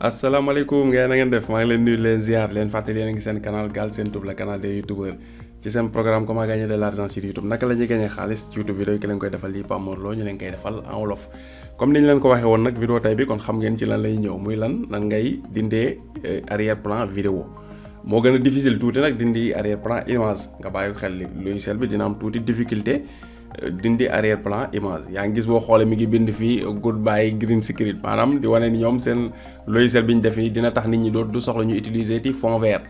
asalaamaaleykum ngay na ngeen def maa ngi leen nuyu leen ziar leen fàttali yéen a ngi seen canal Galsen Tube la canal des youtubeurs ci seen programme comment gagner de l'argent sur youtube naka la ñuy xaalis ci youtube vidéo yi ki leen koy defal lii Pape Mor Lo ñu leen koy defal en wolof comme ni ñu leen ko waxee woon nag vidéo tey bi kon xam ngeen ci lan lay ñëw muy lan nan ngay dindee eh, arrière plan vidéo moo gën a difficile tuuti nag dindi arrière plan image nga bàyyi xel logiciel bi dina am tuuti difficulté dindi arrière plan image yaa ngi gis boo xoolee mi ngi bind fii goodbye green screen maanaam di wane ni ñoom seen logiciel bi ñu def nii dina tax nit ñi doo du soxla ñu utiliser ti fond vert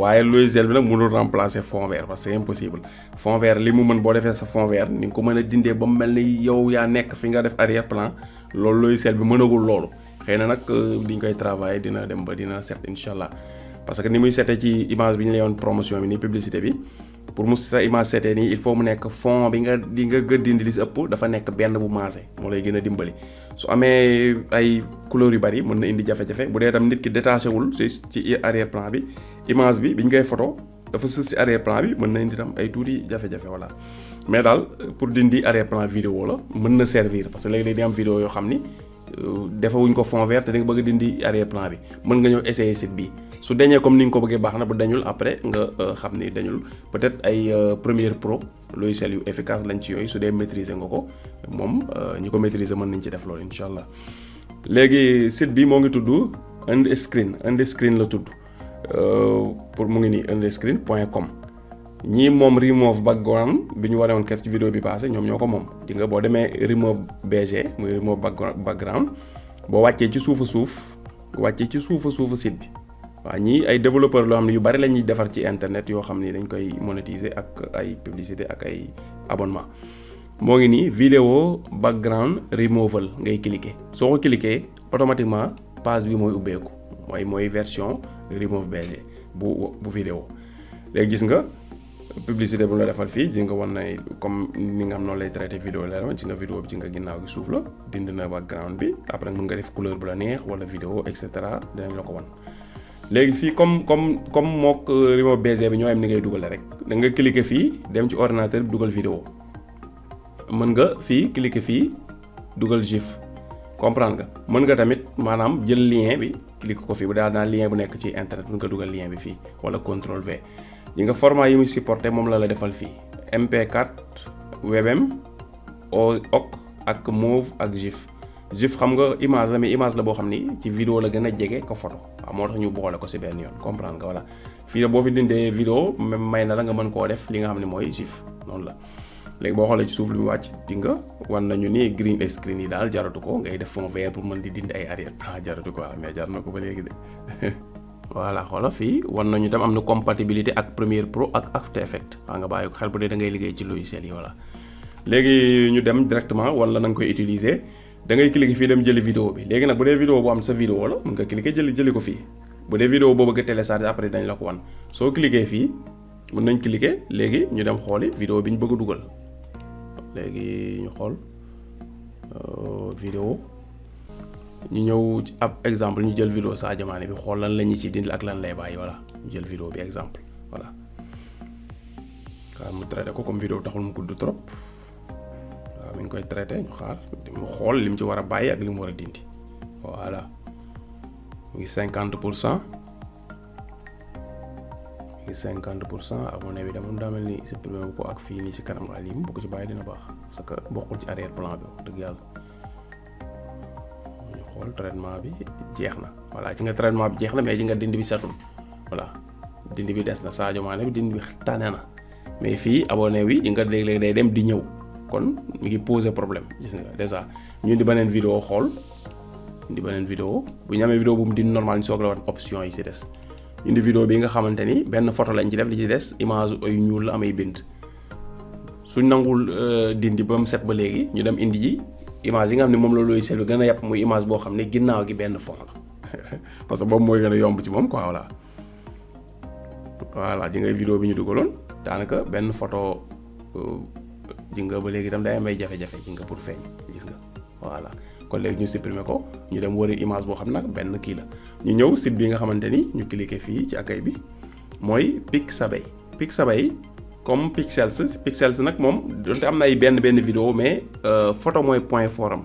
waaye logiciel bi nag mënul remplacer fond vert parce que c'est impossible fond li mu mën boo defee sa fond vert ni nga ko mën a dindee ba mu mel ni yow yaa nekk fi nga def arrière plan loolu logiciel bi mënagul loolu xëy na nag euh, li ñu koy travailler dina dem ba dina set incha parce que ni muy setee ci image bi ñu lay woon promotion bi ni publicité bi pour mu sa image seetee nii il faut mu nekk fon bi nga di nga gën dindi li si ëpp dafa nekk benn bu maase moo lay gën a dimbali su amee ay couleur yu bari mën na indi jafe-jafe bu dee tam nit ki détaché wul si ci arrière plan bi image bi bi ñu koy photo dafa sës si arrière plan bi mën na indi tam ay tuuti jafe-jafe voilà. mais daal pour dindi arrière plan vidéo la mën na servir parce que léeg-léeg di am vidéo yoo xam ni. defawuñ ko fond vert te da bëgg dindi arrière plan bi mën nga ñëw essayer site bi su deñee comme ni nga ko bëggee baax na bu dañul après nga euh, xam ni dañul peut-être ay euh, Premiere Pro logiciel yu efficace lañ ci yooyu su dee maîtriser nga ko moom euh, ñi ko maîtriser mën nañ ci def loolu incha allah léegi site bi moo ngi tudd Underscreen Underscreen la tudd pour mu ngi nii Underscreen point comme ñii moom remove background bi ñu warewoon ker ci vidéo bi passé ñoom ñoo ko moom di nga boo demee remove bg muy remove background boo wàccee ci suufa suuf wàccee ci suufa suufa site bi waaw ñii ay développeur loo xam ne yu bari lañuy defar ci internet yoo xam ni dañ koy monétiser ak ay publicité ak ay abonement moo ngi nii vidéo background removal ngay cliquer soo ko cliquer automatiquement page bi mooy ubbeeku mooy mooy version remove bg bu bu vidéo léegi gis nga publicité bu la defal fii di nga wan ne comme ni nga xam noonu lay traité vidéo la woon ci nga vidéo bi ci nga ginnaaw gi suuf la dindi na background bi après mën nga def couleur bu la neex wala vidéo et cetera dinañ la ko wan. léegi fii comme comme comme mook euh, remote bg bi ñoo am ni ngay dugal rek da nga cliquer fii dem ci ordinateur bi dugal vidéo mën nga fii cliquer fii dugal gif comprendre nga mën nga tamit maanaam jël lien bi cliquer ko fi bu daal lien bu nekk ci internet mën nga dugal lien bi fii wala contrôle V. yi nga format yi muy supporter moom la la defal fii MP4 WebM OOC ak MOV ak GIF GIF xam nga image la mais image la boo xam ni ci vidéo la gën a jege ko photo waaw moo tax ñu boole ko si benn yoon comprendre nga voilà fii la boo fi dindee vidéo même may na la nga mën koo def li nga xam ne mooy GIF noonu la léegi boo xoolee ci suuf lu mu wàcc di nga wan nañu ni green screen yi daal jaratu ko ngay def fond vert pour mën di dindi ay arrière plan jaratu ko waaw na ko ba léegi voilà xoola fii wan nañu dem am na compatibilité ak Premiere Pro ak After Effects waa nga bàyyi ko xel bu dee dangay liggéey ci logiciel yi voilà. léegi ñu dem directement wan la na koy utiliser dangay ngay cliquer fii dem jëli vidéo bi léegi nag bu dee vidéo boo am sa vidéo la mun nga cliquer jëli jëli ko fii bu dee vidéo boo bëgg a télécharger après dañ la ko wan soo cliquer fii mën nañ cliquer léegi ñu dem xooli vidéo bi ñu bëgg dugal léegi ñu xool euh, vidéo ñu ñëw ci ab exemple ñu jël vidéo Sadio Mané bi xool lan la ñu ci dindi ak lan lay bàyyi voilà ñu jël vidéo bi exemple voilà waaw mu traité ko comme vidéo taxul mu gudd trop waaw mi ngi koy traité ñu xaar mu xool li mu ci war a bàyyi ak li mu war a dindi voilà mu ngi cinquante pour cent mu ngi cinquante pour cent abonné bi de moom daa mel ni supprimé bu ko ak fii nii ci kanam waaye lii mu bu ci bàyyi dina baax parce que bokkul ci arrière plan bi wax dëgg yàlla. xool traitement bi jeex na voilà ci nga traitement bi jeex na mais ji nga dindi bi setul voilà dindi bi des na Sadio Mané bi dindi bi tane na mais fii abonné wi di nga léeg day dem di ñëw kon mu ngi poser problème gis nga déjà ñun di beneen vidéo xool indi beneen vidéo bu ñu amee vidéo bu mu di normal ñu soog la wan option yi ci des indi vidéo bi nga xamante ni benn photo lañ ci def li ci des image ay ñuul la amay bind suñ nangul euh, dindi ba mu set ba léegi ñu dem indi ji image yi nga xam ne moom la looy seetlu gën a yàpp muy image boo xam ne ginnaaw gi benn fond la parce que boobu mooy gën a yomb ci moom ko voilà. voilà ji nga vidéo bi ñu dugaloon daanaka benn foto euh, ji nga ba léegi itam day am ay jafe-jafe ji nga pour feeñ gis nga voilà kon léegi ñu supprimer ko ñu dem wari image boo xam nag benn kii la ñu ñëw site bi nga xamante ni ñu cliquer fii ci accueil bi mooy sa Pixabay Pixabay comme Pixels Pixels nag moom donte am na ay benn benn vidéo mais euh, photo mooy point fort am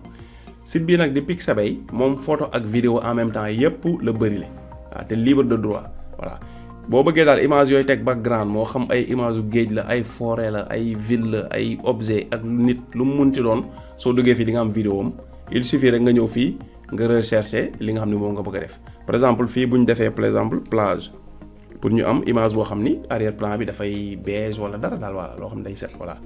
site bii nag di bay moom photo ak vidéo en même temps yépp la bëri la waaw te libre de droit voilà boo bëggee daal image yooyu teg background moo xam ay image géej la ay fore la ay ville la ay objet ak nit lu mu ti doon soo duggee fii di nga am video am il suffit rek nga ñëw fii nga rechercher li nga xam ne moom nga bëgg a def par exemple fii bu ñu defee par exemple plage. pour ñu am image boo xam ni arrière plan bi dafay beige wala dara daal voilà loo xam ne day set voilà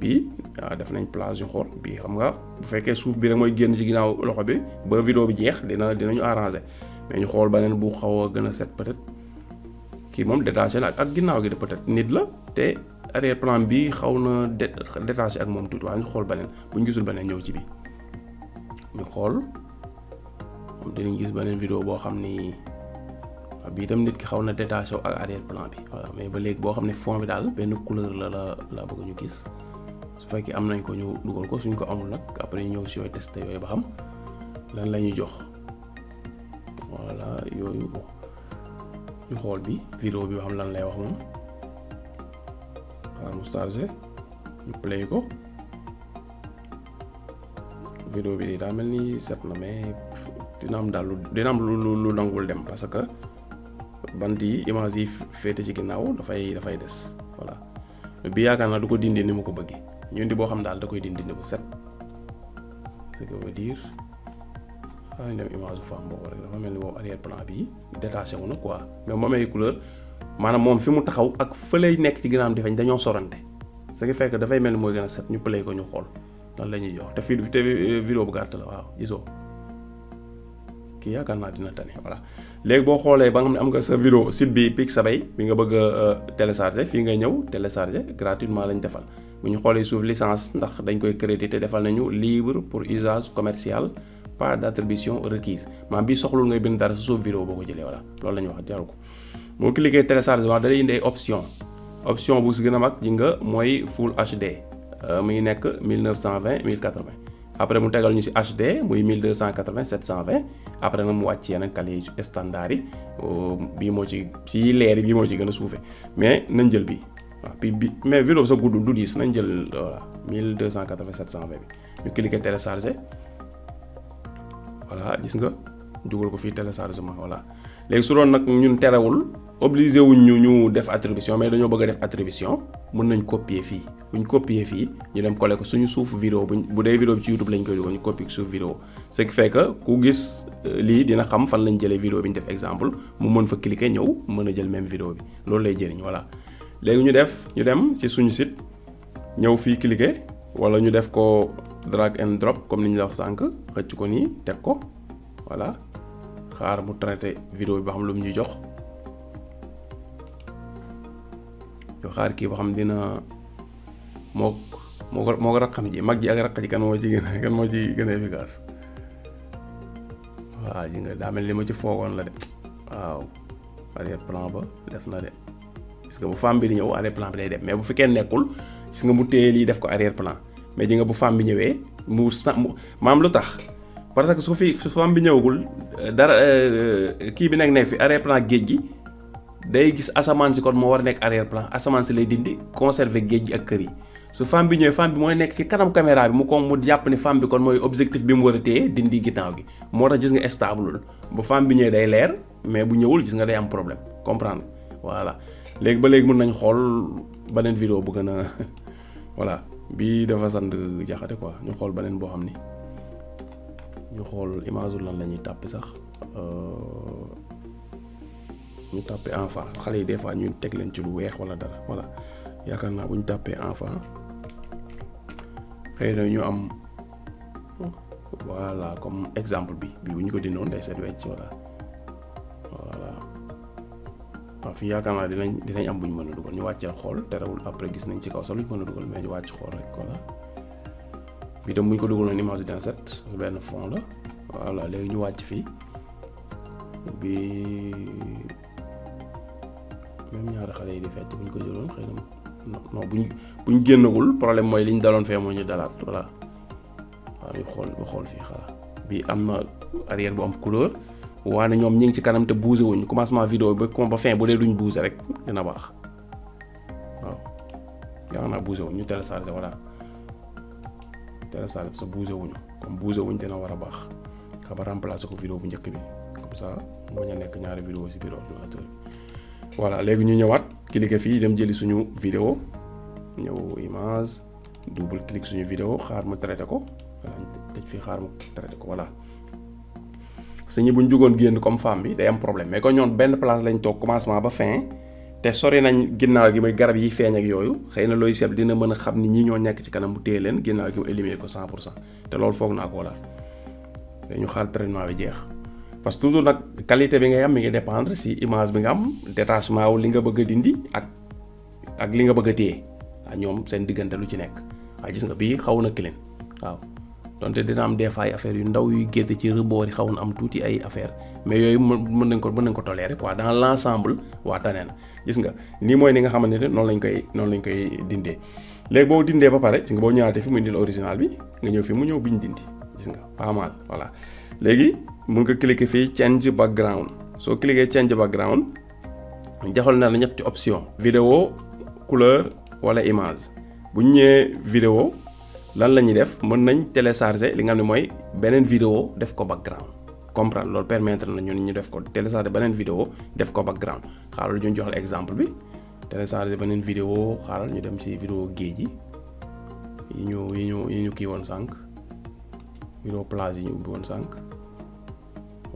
bii ah, def nañ place yu xool bii xam nga bu fekkee suuf bi rek mooy génn ci ginnaaw loxo bi ba vidéo bi jeex dina dinañu arrangé mais ñu xool beneen bu xaw a gën a set peut-être kii moom détaché na ak ginnaaw gi peut-être nit la te arrière plan bi xaw na détaché ak moom tuuti waaye ñu xool beneen bu ñu gisul beneen ñëw ci bii ñu xool moom dinañ gis beneen vidéo boo xam ni. bi itam nit ki xaw na détaché ak arrière plan bi voilà mais ba léegi boo xam ne fond bi daal benn couleur la la la bëgg ñu gis su fekkee am nañ ko ñu dugal ko suñ ko amul nag après ñëw si yooyu testé yooyu ba xam lan la ñuy jox voilà yooyu ñu xool bi vidéo bi ba xam lan lay wax moom waaw ñu play ko vidéo bi daa mel ni set na mais dina am daal lu dina am lu lu nangul dem parce que bant yi image yi féete ci ginnaaw dafay dafay des voilà bi yaakaar naa du ko dindi ni mu ko bëggee ñu indi boo xam daal da koy dindi bu set ce que veut dire xanaa ñu dem image bu femme boobu rek dafa mel ni moom arrière plan bi détaché wu na quoi mais moom ay couleur maanaam moom fi mu taxaw ak fëley nekk ci ginnaaw di feeñ dañoo sorante sa qui fekk dafay mel ni mooy gën a set ñu play ko ñu xool lan la ñuy jox te fii te vidéo bu gàtt la waaw gisoo kii yaakaar naa dina tane voilà léegi boo xoolee ba nga ne am nga sa vidéo site bi Pixabay bi nga bëgg a euh, télécharger fii ngay ñëw télécharger gratuitement lañ defal bu ñu xoolee suuf licence ndax dañ koy crédité defal nañu libre pour usage commercial pas d'attribution requise maanaam bii soxlul ngay bind dara sa suuf vidéo boo ko jëlee voilà lool la ñuy wax jaru ko boo cliquer télécharger wax da lay indi ay option option bu si gën a mag ji nga mooy full HD euh, mu ngi nekk 1920 1080 après mu tegal ñu si HD muy 1280 720 après nag mu wàcc yeneen kale yi standard yi euh, bii moo ci si leer yi bii moo ci gën a suufee mais nañ jël bi waaw bi bi mais vidéo sa gudd du diis nañ jël voilà 1280 720 bi ñu cliquer télécharger voilà gis nga dugal ko fii téléchargement voilà léegi su doon nag ñun terewul obligé wuñ ñu ñu def attribution mais dañoo bëgg a def attribution mën nañ copier fii ñu copier fii ñu dem coller ko suñu suuf vidéo buñ bu dee vidéo bi ci lañ koy dugal ñu copier suuf vidéo ce qui fait que gis euh, lii dina xam fan lañ jëlee vidéo bi ñu def exemple mu mën fa cliquer ñëw mën a jël même vidéo bi loolu lay jëriñ voilà léegi ñu def ñu dem ci suñu sit ñëw fii cliquer wala ñu def ko drag and drop comme ni ñu la wax sànq xëcc ko nii teg ko voilà xaar mu traité vidéo bi ba xam lu mu ñu jox ñu xaar kii ba xam dina moo moo ko moo ko raqam ji mag ji ak raq ji kan moo ci gën a kan moo ci gën a efficace waaw ji nga daa li ma ci foogoon la de waaw arrière plan ba des na de parce que bu femme bi di ñëw arrière plan bi day dem mais bu fekkee nekkul gis nga mu téye lii def ko arrière plan mais ji nga bu femme bi ñëwee mu maam lu tax parce que su fi su bi ñëwagul eh, dara eh, eh, kii bi nekk nekk fi arrière plan géej gi day gis asamaan si kon moo war a nekk arrière plan asamaan si lay dindi conserver géej gi ak kër yi su femme bi ñëwee femme bi mooy nekk ci kanam caméra bi mu ko mu jàpp ne femme bi kon mooy objectif bi mu war a téye dindi ginnaaw gi moo tax gis nga stable bu fem bi ñëwee day leer mais bu ñëwul gis nga day am problème comprendre voilà léegi ba léegi mun nañu xool beneen vidéo bu gën voilà bii dafa sant jaxate quoi ñu xool beneen boo xam ni ñu xool image lan la ñuy tàppi sax euh, ñu tàppe enfant xale yi des fois ñu teg leen ci lu weex wala dara voilà yaakaar naa bu ñu tàppee enfant xëy na ñu am voilà comme exemple bi bii bu ñu ko dinoon day set wecc voilà voilà waaw fii yaakaar naa dinañ dinañ am bu ñu mën a dugal ñu wàccee xool terewul après gis nañ ci kaw sax lu ñu mën a dugal mais ñu wàcc xool rek voilà. bii tam bu ñu ko dugaloon image d' insecte benn fond la voilà léegi ñu wàcc fii bi même ñaari xale yi di fecc bu ñu ko jëloon xëy na non bu ñu bu ñu mooy li ñu daloon fee moo ñu dalaat voilà waaw ñu xool ba xool fii xala bi am na arrière bu am couleur waane ñoom ñi ngi ci kanam te bougé wuñ commencement vidéo ba ba fin bu dee duñu bougé rek dina baax waaw yaakaar naa bougé wuñ ñu téléchargé voilà. Talla Sall parce que bougé wuñu comme bougé wuñ dina war a baax xam nga remplacé ko vidéo bu njëkk bi comme ça bañ a nekk ñaari vidéo si biir ordinateur bi voilà léegi ñu ñëwaat cliquer fii dem jëli suñu vidéo ñëw image double clic suñu vidéo xaar ma traité ko voilà tëj fii xaar ma ko voilà sëñ bi bu ñu jugoon génn comme femme bi day am problème mais ko ñoon benn place lañ toog commencement ba fin. te sori nañ ginnaaw gi may garab yi feeñ ak yooyu xëy na looy seet dina mën a xam ni ñi ñoo nekk ci kanam mu téye leen ginnaaw gi mu éliminer ko 100 pour cent te loolu foog naa ko laal dañu xaar traitement bi jeex parce que toujours nag qualité bi ngay am mi ngi dépendre si image bi nga am détachement wu li nga bëgg dindi ak ak li nga bëgg a téye waaw ñoom seen diggante lu ci nekk waaye gis nga bii xaw na clean waaw donte dina am des fois ay affaires yu ndaw yuy génn ci reboor yi xaw am tuuti ay affaire mais yooyu mën nañ ko mën nañ ko tolérer quoi dans l' ensemble waa tane na gis nga mooy ni nga xamante ne noonu lañ koy noonu lañ koy dindee léegi boo dindee ba pare gis nga boo ñëwaatee fi mu indil original bi nga ñëw fi mu ñëw biñ dindi gis nga pas mal voilà léegi mun nga cliquer fii change background soo cliquer change background joxal na la ñetti option vidéo couleur wala image bu ñëwee vidéo lan la ñuy def mën nañ télécharger li nga xam ne mooy beneen vidéo def ko background comprendre loolu permettre na ñun ñu def ko télécharger neen vidéo def ko background xaaral ñu jox exemple bi télécharger beneen vidéo xaaral ñu dem ci vidéo géej yi ñu yi ñu yi ñu kii woon sànq vidéo plage yi ñu ubbi woon sànq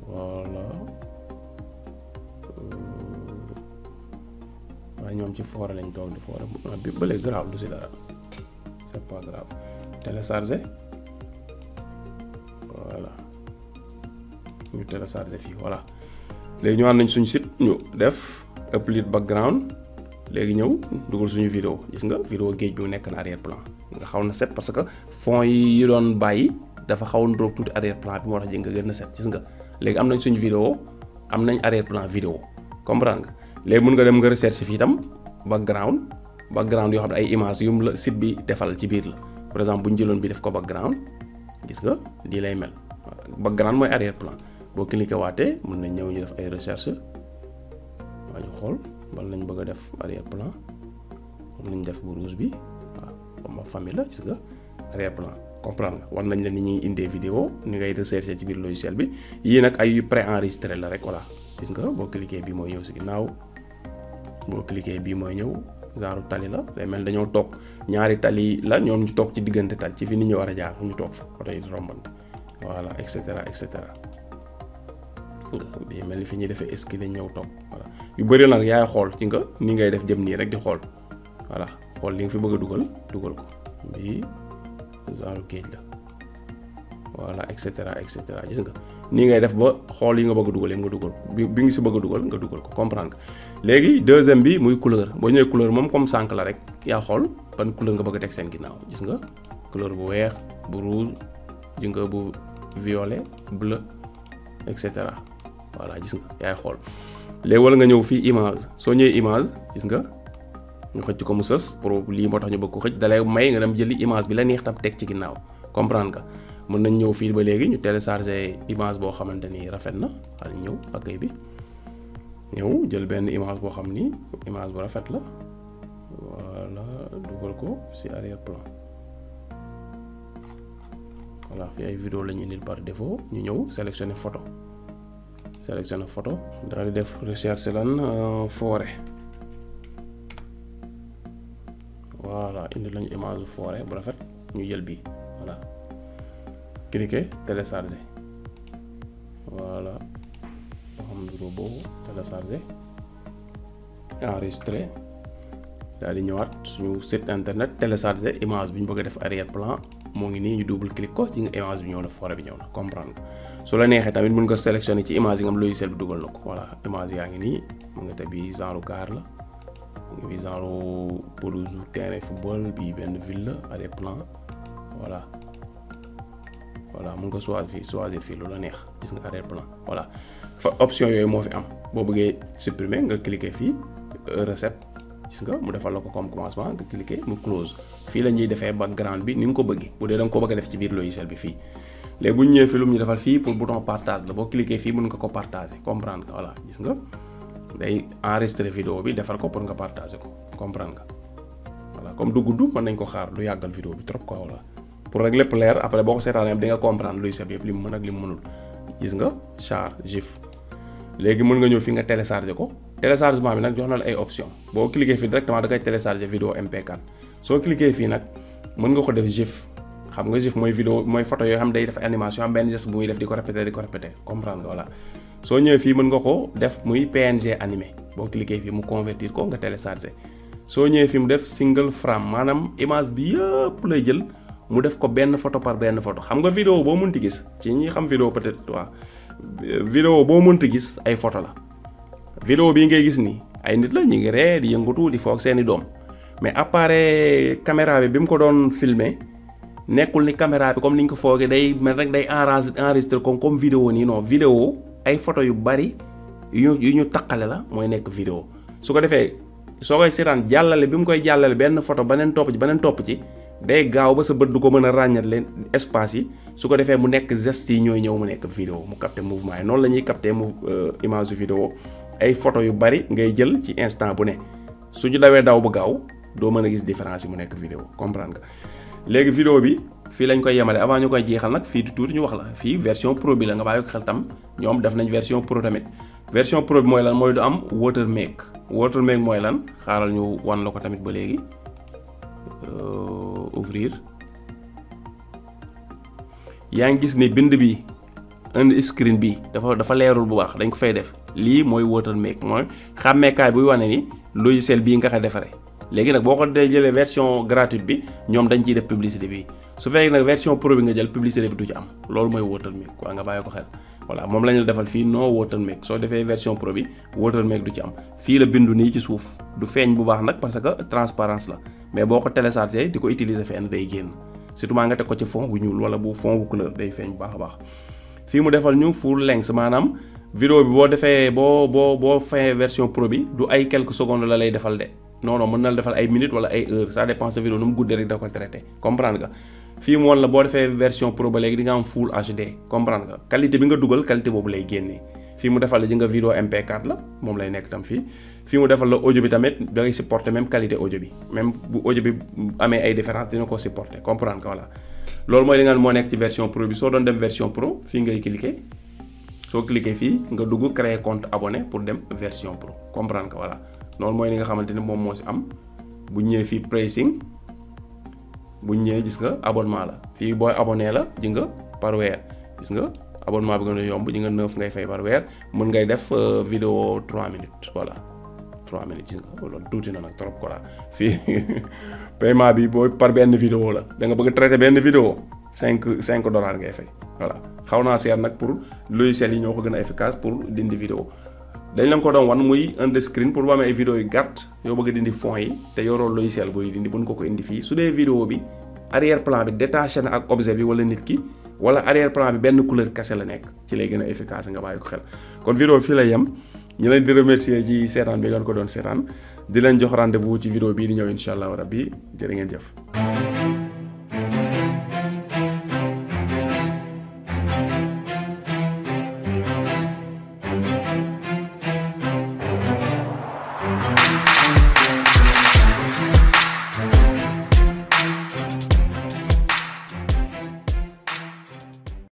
voilà euh, waaye ñoom ci foore lañ toog di foore ah, bi bële grave du si dara c'est pas grave télécharger voilà ñu téléchargé fii voilà léegi ñu ànd nañ suñu site ñu def upload background léegi ñëw dugal suñu vidéo gis nga vidéo géej bi mu nekk na arrière plan nga xaw na set parce que fond yi yi doon bàyyi dafa xaw ndoog tuuti arrière plan bi moo tax ji nga gën a set gis nga léegi am nañ suñu vidéo am nañ arrière plan vidéo comprendre nga léegi mun nga dem nga recherche fii itam background background yoo xam ne ay image yum la site bi defal ci biir la par exemple bu ñu jëloon bi def ko background gis nga lii lay mel background mooy arrière plan boo cliqué waate mun nañ ñëw ñu def ay recherche waaw ñu xool bal nañ bëgg a def arrière plan mën nañ def bu rouge bi waaw comme famille la gis nga arrière plan comprendre nga war nañ la ni ñuy indee vidéo ni ngay recherché ci biir logiciel bi yii nag ay en enregistré la rek voilà gis nga boo cliqué bii mooy ñëw si ginnaaw boo cliqué bii mooy ñëw genre tali la day mel dañoo toog ñaari tali la ñoom ñu toog ci diggante tal ci fi nit ñi war a jaar ñu toog fa oto yi rombante voilà et cetera et cetera nga toog mel ni fi ñuy defee escalier ñëw toog voilà yu bëri nag yaay xool ci nga ni ngay def jëm nii rek di xool voilà xool li nga fi bëgg dugal dugal ko bii genre géej et cetera et cetera gis nga nii ngay def ba xool yi nga bëgg dugal yëpp nga dugal bi bi nga si bëgg dugal nga dugal ko comprendre nga léegi deuxième bi muy couleur boo ñëwee couleur moom comme sànq la rek yaa xool ban couleur nga bëgg a teg seen ginnaaw gis nga couleur bu weex bu rouge ji nga bu violet bleu et voilà gis nga yaay xool léegi walla nga ñëw fii image soo ñëwee image gis nga ñu xëcc ko mu sës pour lii moo tax ñu bëgg ko xëcc dalay may nga dem jëli image bi la neex tam teg ci ginnaaw comprendre nga mën nañ ñëw fii ba léegi ñu télécharger image boo xamante ni rafet na xal ñëw accueil bi ñëw jël benn image boo xam ni image bu rafet la voilà dugal ko ci arrière plan voilà fi ay vidéo la ñu par défaut ñu ñëw sélectionner photo sélectionné photo daal di def recherche lan euh, foore voilà indi lañu image foore bu rafet ñu jël bi voilà cliquer télécharger voilà alhamdulilah boobu télécharger enregistrer daal di ñëwaat suñu site internet télécharger image bi ñu bëgg def arrière plan. moo ngi nii ñu double clic ko ci nga image bi ñëw na forêt bi ñëw na comprendre nga su la neexee tamit mun nga sélectionné ci image yi nga am logiciel bi dugal na ko voilà image yaa ngi nii mun nga teg bi genre gaar la bi genre terrain football bi benn ville la à des plans mun nga choisir fii choisir fii lu la neex gis nga arrière plan voilà fa option yooyu moo fi am boo bëggee supprimer nga cliquer fii recette gis nga mu defal la ko comme commencement nga cliquer mu close fii la ñuy defee background bi ni nga ko bëggee bu dee da ko bëgg def ci biir logiciel bi fii léegi bu ñu ñëwee fi lu mu ñu defal fii pour bouton partage la boo nga ko partager comprendre gis nga day enregistrer vidéo bi defal ko pour nga partager ko comprendre comme du gudd mën nañ ko xaar du yàggal vidéo bi trop quoi pour lépp leer après boo ko seetaanee di nga comprendre logiciel bi yëpp li mu mën nga char léegi mën nga ñëw fi nga télécharger ko téléchargement bi nag jox na la ay option boo cliquer fii directement da koy télécharger vidéo MP4 soo cliquer fii nag mën nga ko def GIF xam nga GIF mooy vidéo mooy photo yoo xam day def animation am benn geste bu muy ko répéter di ko répéter comprendre soo ñëwee fii mën nga ko def muy PNG animé boo cliquer fii mu convertir ko nga télécharger soo ñëwee fii mu def single frame maanaam image bi yëpp lay jël mu def ko benn photo par benn photo xam nga vidéo boo mënti gis ci ñi xam vidéo peut-être waaw vidéo boo mënti gis ay photo la. vidéo bii ngay gis nii ay nit la ñu ngi ree di yëngatu di foog seeni doom mais appareil eh, caméra bi bi mu ko doon filmer nekkul ni caméra bi comme ni ñu ko foogee day mel rek day enregistré comme comme vidéo nii non vidéo ay photo yu bari yu yu ñu taqale la mooy nekk vidéo su ko defee soo koy seetaan jàllale bi mu koy jàllale benn photo beneen topp ci beneen topp ci day gaaw ba sa bët du ko mën a ràññat leen espace yi su ko defee mu nekk geste yi ñooy ñëw mu nekk vidéo mu capté mouvement yi noonu la ñuy capté euh, image du vidéo ay photo yu bari ngay jël ci instant bu ne su ñu dawee daw bu gaaw doo mën a gis différence yi mu nekk vidéo comprendre nga léegi vidéo bi fii lañ koy yemale avant ñu koy jeexal nag fii du tuuti ñu wax la fii version pro bi la nga bàyyi ko xel tam ñoom def nañ version pro tamit version pro bi mooy lan mooy du am watermark watermark mooy lan xaaral ñu wan la ko tamit ba léegi euh, ouvrir yaa ngi gis ni bind bi indi screen bi dafa dafa leerul bu baax dañ ko fay def lii mooy watermark mooy xàmmeekaay buy wane ni logiciel bii nga ko defaree. léegi nag boo ko dee jëlee version gratuite bi ñoom dañ ciy def publicité bi su fekkee nag version pro bi nga jël publicité bi du ci am loolu mooy watermark quoi nga bàyyi ko xel. voilà moom lañu la defal fii no watermark soo defee version pro bi watermark du ci am fii la bindu nii ci suuf du feeñ bu baax nag parce que transparence la mais boo ko téléchargé di ko utiliser fenn day génn surtout maa ko ci fond bu ñuul wala bu fond bu bu baax a vidéo bi boo defee boo boo boo fayee version pro bi du ay quelques secondes la lay defal de non mën na la defal ay minutes wala ay heures ça dépend sa vidéo nu mu guddee rek da ko traité comprendre nga fii mu woon la boo defee version pro ba léegi di nga am full HD comprendre nga qualité bi nga dugal qualité boobu lay génnee fii mu defal la ji nga vidéo MP4 la moom lay nekk tam fii fii mu defal la ojo bi tamit da supporté supporter même qualité ojo bi même bu audio bi amee ay différence dina ko supporter comprendre nga loolu mooy li nga moo nekk ci version pro bi soo doon dem version pro ngay cliquer soo cliquer fii nga dugg créer compte abonné pour dem version pro comprendre que voilà mooy li nga xamante ni moom moo si am bu ñëwee fii pricing bu ñëwee gis nga abonnement la fii booy abonné la ji nga par weer gis nga abonnement bi gën a yomb ji nga neuf ngay fay par weer mun ngay def euh, video 3 minutes voilà 3 minutes gis nga loolu tuuti na nag trop quoi fii paiement bi booy par benn vidéo la da nga bëgg traité benn vidéo cinq cinq dollars ngay fay voilà xaw naa seer nag pour logiciels yi ñoo ko gën a efficace pour dindi vidéo dañ leen ko doon wan muy un de screen pour boo amee ay vidéo yu gàtt yoo bëgg dindi fond yi te yoroo logiciel buy dindi buñ ko ko indi fii su dee vidéo bi arrière plan bi détaché na ak objet bi wala nit ki wala arrière plan bi benn couleur kese la nekk ci lay gën a efficace nga bàyyi ko xel kon vidéo fii lay yem ñu leen di remercier ci seetaan ko doon seetaan di leen jox rendez-vous ci vidéo bii di ñëw incha allahu rabbi jërë ngeen jëf